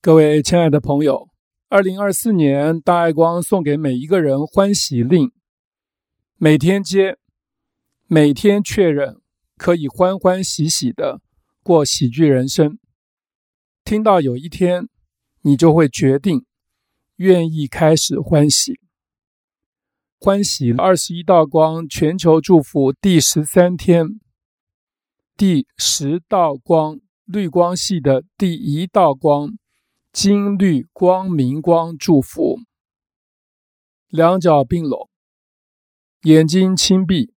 各位親愛的朋友，二零二四年大愛光送給每一個人歡喜令，每天接，每天確認，可以歡歡喜喜的過喜劇人生。聽到有一天，你就會決定，願意開始歡喜。歡喜二十一道光全球祝福第十三天，第十道光綠光系的第一道光。金綠光明光祝福，兩腳併攏，眼睛輕閉，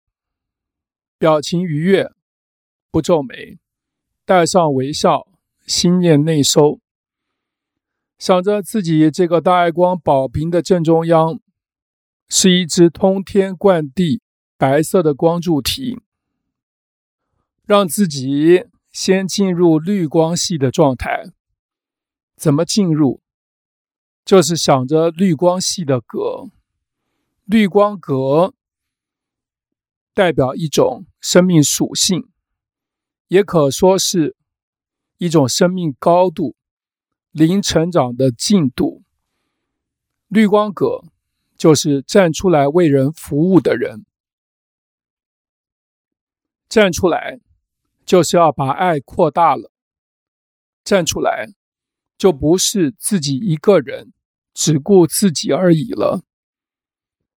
表情愉悅，不皺眉，帶上微笑，心念內收，想着自己這個大愛光寶瓶的正中央，是一隻通天貫地白色的光柱體，讓自己先進入綠光系的狀態。怎麼進入？就是想着綠光系的格，綠光格代表一種生命屬性，也可說是一種生命高度，零成長的進度。綠光格就是站出來為人服務的人，站出來就是要把愛擴大了，站出來。就不是自己一個人，只顧自己而已了。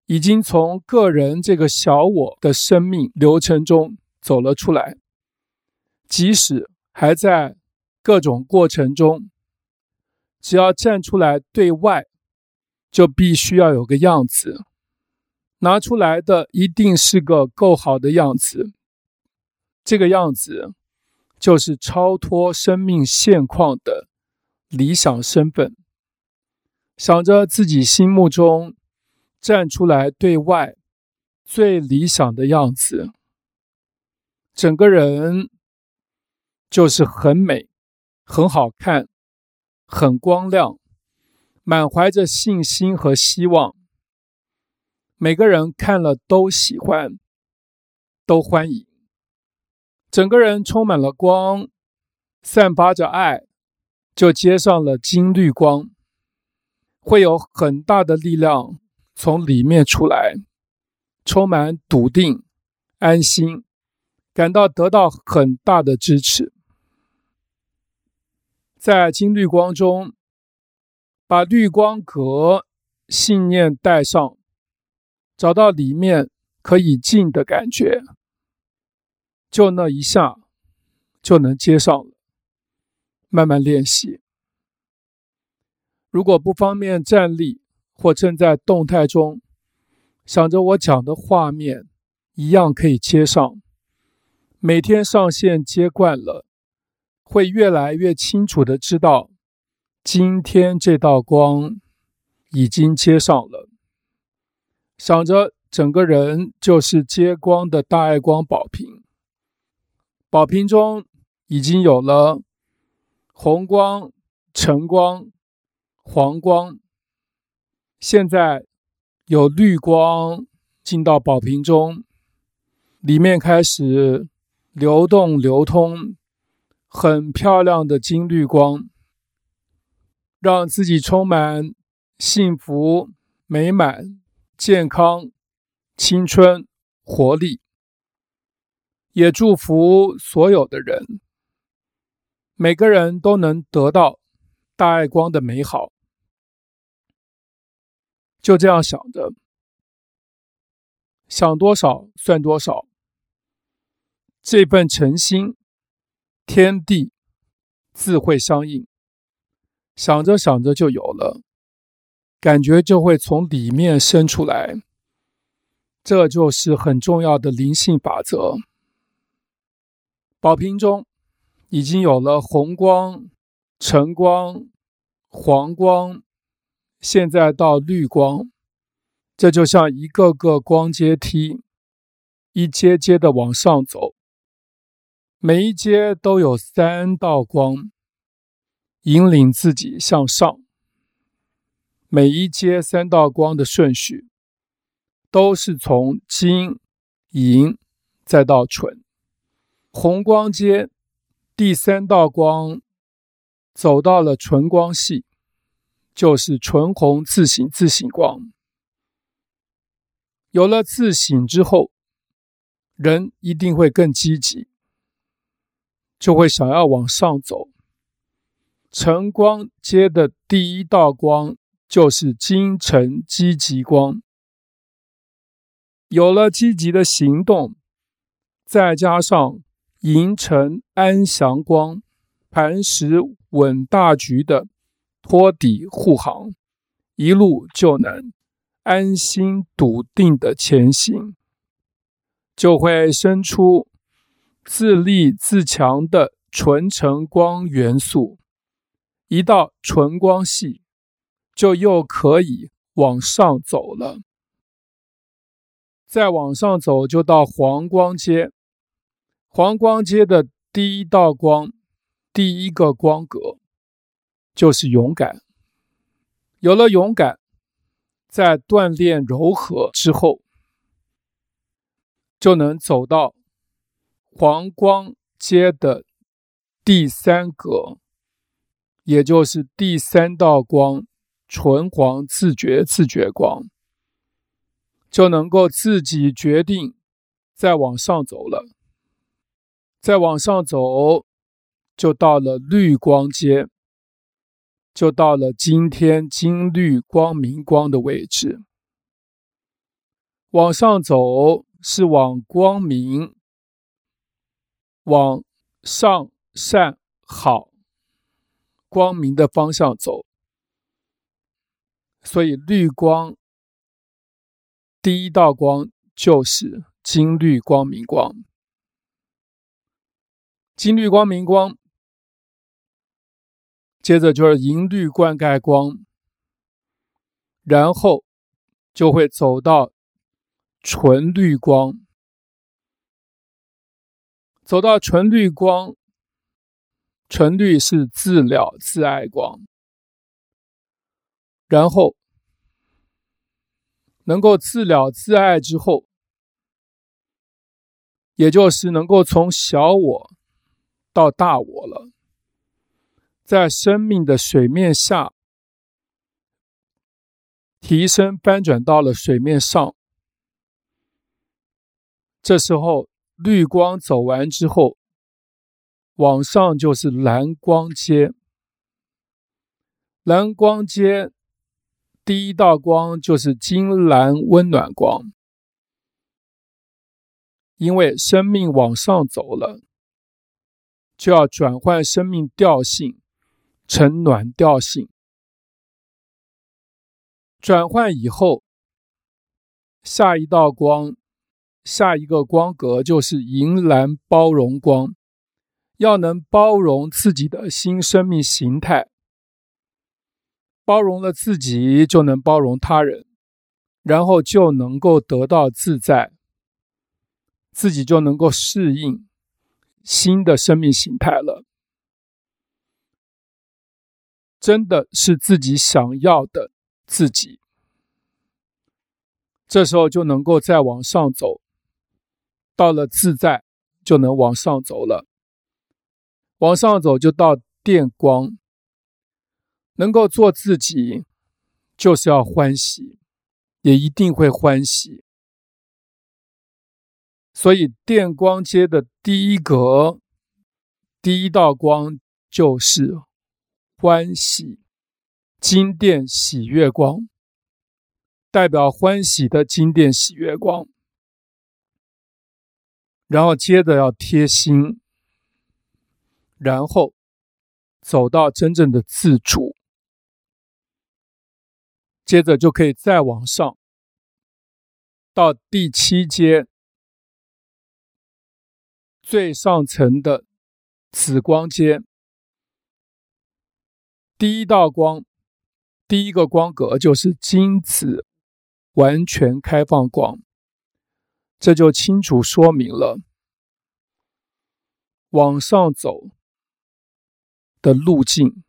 已經從個人這個小我的生命流程中走了出來，即使還在各種過程中，只要站出來對外，就必須要有個樣子，拿出來的一定是個夠好的樣子。這個樣子就是超脫生命現況的。理想身份，想着自己心目中站出來對外最理想的樣子，整個人就是很美、很好看、很光亮，滿懷着信心和希望，每個人看了都喜歡、都歡迎，整個人充滿了光，散發着愛就接上了金綠光，會有很大的力量從裡面出來，充滿篤定、安心，感到得到很大的支持。在金綠光中，把綠光格信念帶上，找到裡面可以進的感覺，就那一下，就能接上了。慢慢練習。如果不方便站立，或正在動態中，想着我講的畫面，一樣可以接上。每天上線接慣了，會越來越清楚地知道，今天這道光已經接上了。想着整個人就是接光的大愛光寶瓶，寶瓶中已經有了。紅光、橙光、黃光，現在有綠光進到寶瓶中，裡面開始流動流通，很漂亮的金綠光，讓自己充滿幸福、美滿、健康、青春、活力，也祝福所有的人。每個人都能得到大愛光的美好。就這樣想着，想多少算多少。這份誠心，天地自會相應。想着想着就有了，感覺就會從裡面生出來。這就是很重要的靈性法則。寶瓶中。已經有了紅光、橙光、黃光，現在到綠光，這就像一個個光階梯，一階階的往上走。每一階都有三道光，引領自己向上。每一階三道光的順序，都是從金、銀再到純。紅光階。第三道光走到了純光系，就是純紅自省自省光。有了自省之後，人一定會更積極，就會想要往上走。晨光接的第一道光就是精神積極光。有了積極的行動，再加上。迎承安祥光，磐石穩大局的托底護航，一路就能安心篤定的前行，就會生出自立自強的純辰光元素，一到純光系，就又可以往上走了，再往上走就到黃光階。黃光階的第一道光，第一個光格，就是勇敢。有了勇敢，在鍛鍊柔和之後，就能走到黃光階的第三格，也就是第三道光——純黃自覺自覺光，就能夠自己決定再往上走了。再往上走，就到了綠光街，就到了今天金綠光明光的位置。往上走是往光明、往上善好光明的方向走，所以綠光第一道光就是金綠光明光。金綠光明光，接着就是銀綠灌溉光，然後就會走到純綠光，走到純綠光。純綠是自了自愛光，然後能夠自了自愛之後，也就是能夠從小我。到大我了，在生命的水面下提升翻轉到了水面上。這時候綠光走完之後，往上就是藍光階。藍光階第一道光就是金藍溫暖光，因為生命往上走了。就要轉換生命調性，成暖調性。轉換以後，下一道光，下一個光格就是銀藍包容光。要能包容自己的新生命形態，包容了自己，就能包容他人，然後就能夠得到自在，自己就能夠適應。新的生命形態了，真的是自己想要的自己。這時候就能夠再往上走，到了自在就能往上走了。往上走就到電光，能夠做自己就是要歡喜，也一定會歡喜。所以電光階的第一格，第一道光就是歡喜金殿喜悅光，代表歡喜的金殿喜悅光。然後接着要貼心，然後走到真正的自主，接着就可以再往上到第七階。最上層的紫光階第一道光，第一個光格就是金紫完全開放光，這就清楚說明了往上走的路徑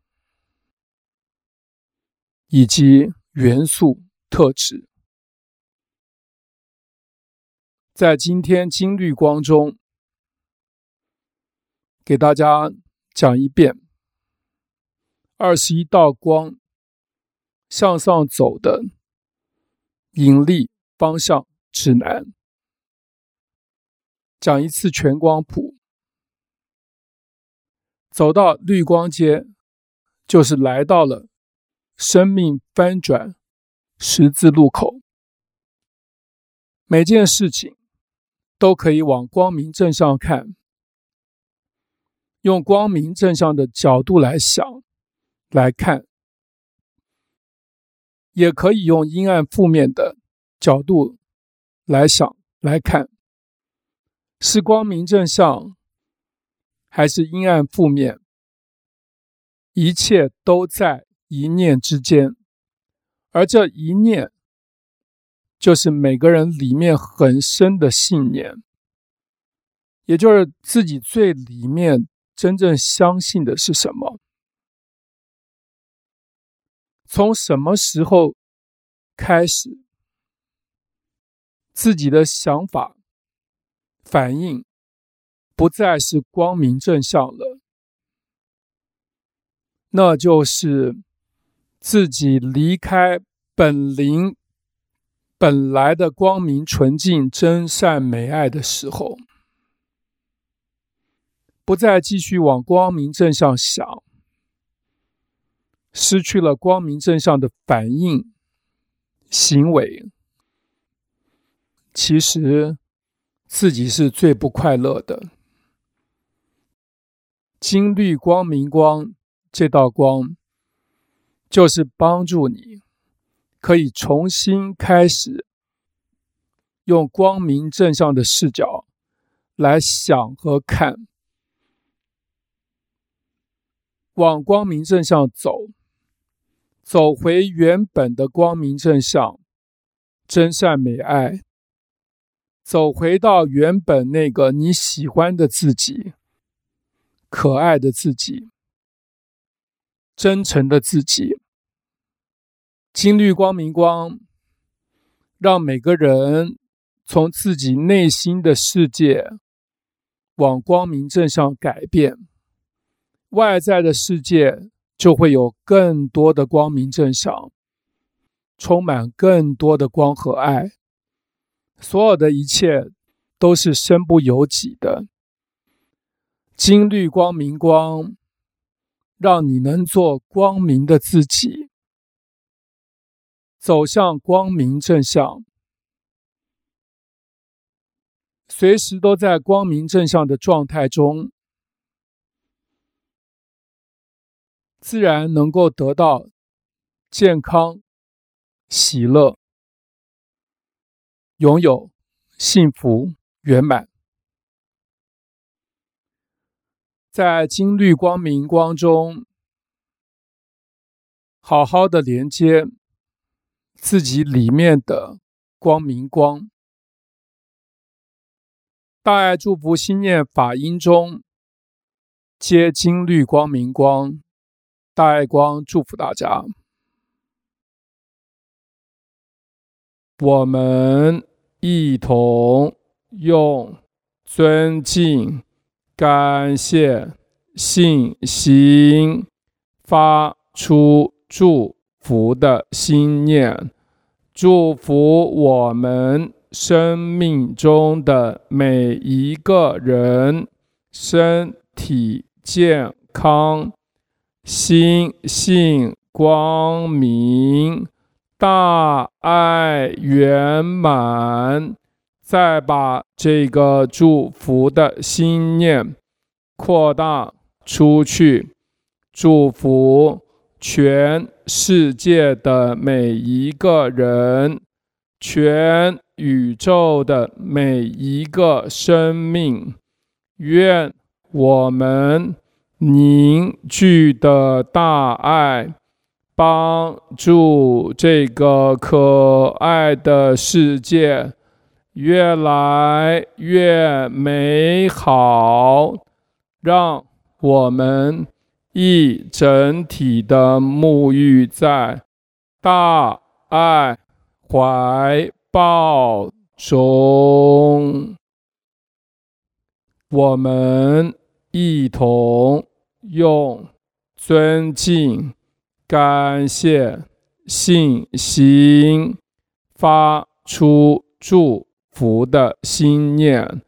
以及元素特質。在今天金綠光中。給大家講一遍，二十一道光向上走的引力方向指南。講一次全光譜，走到綠光街，就是來到了生命翻轉十字路口。每件事情都可以往光明正上看。用光明正向的角度來想來看，也可以用陰暗負面的角度來想來看，是光明正向還是陰暗負面？一切都在一念之間，而這一念就是每個人裡面很深的信念，也就是自己最裡面。真正相信的是什麼？從什麼時候開始，自己的想法、反應不再是光明正向了？那就是自己離開本靈、本來的光明、純淨、真善美愛的時候。不再繼續往光明正向想，失去了光明正向的反應行為，其實自己是最不快樂的。金綠光明光這道光，就是幫助你可以重新開始，用光明正向的視角來想和看。往光明正向走，走回原本的光明正向，真善美愛，走回到原本那個你喜歡的自己，可愛的自己，真誠的自己。金綠光明光，讓每個人從自己內心的世界往光明正向改變。外在的世界就會有更多的光明正向，充滿更多的光和愛。所有的一切都是身不由己的。金綠光明光，讓你能做光明的自己，走向光明正向，隨時都在光明正向的狀態中。自然能夠得到健康、喜樂、擁有幸福圓滿。在金綠光明光中，好好的連接自己裡面的光明光。大愛祝福心念法音中，接金綠光明光。大愛光祝福大家，我們一同用尊敬、感謝、信心發出祝福的心念，祝福我們生命中的每一個人身體健康。心性光明，大愛圓滿。再把這個祝福的心念擴大出去，祝福全世界的每一個人，全宇宙的每一個生命。願我們，凝聚的大愛，幫助這個可愛的世界越來越美好，讓我們一整體的沐浴在大愛懷抱中，我們一同。用尊敬、感謝、信心，發出祝福的心念，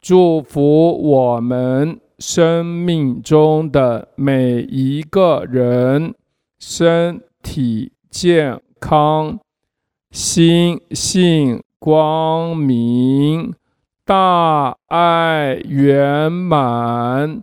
祝福我們生命中的每一個人身體健康、心性光明、大愛圓滿。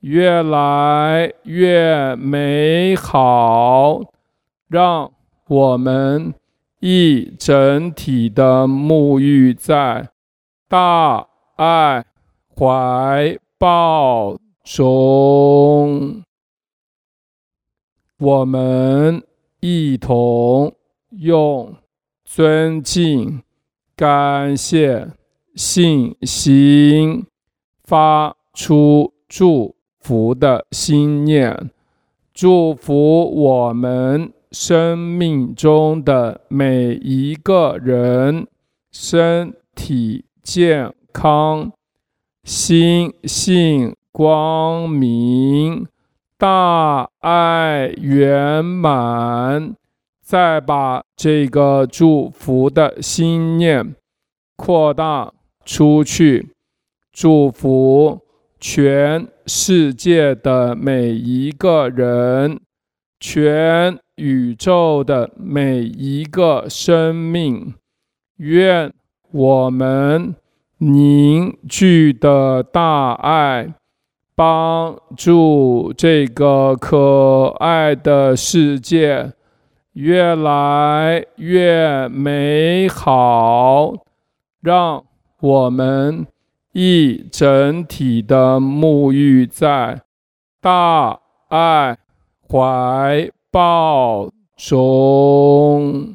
越來越美好，讓我們一整體的沐浴在大愛懷抱中。我們一同用尊敬、感謝、信心發出祝福。福的心念，祝福我們生命中的每一個人，身體健康，心性光明，大愛圓滿。再把這個祝福的心念擴大出去，祝福，全世界的每一個人，全宇宙的每一個生命，願我們凝聚的大愛，幫助這個可愛的世界越來越美好，讓我們。一整體的沐浴在大愛懷抱中。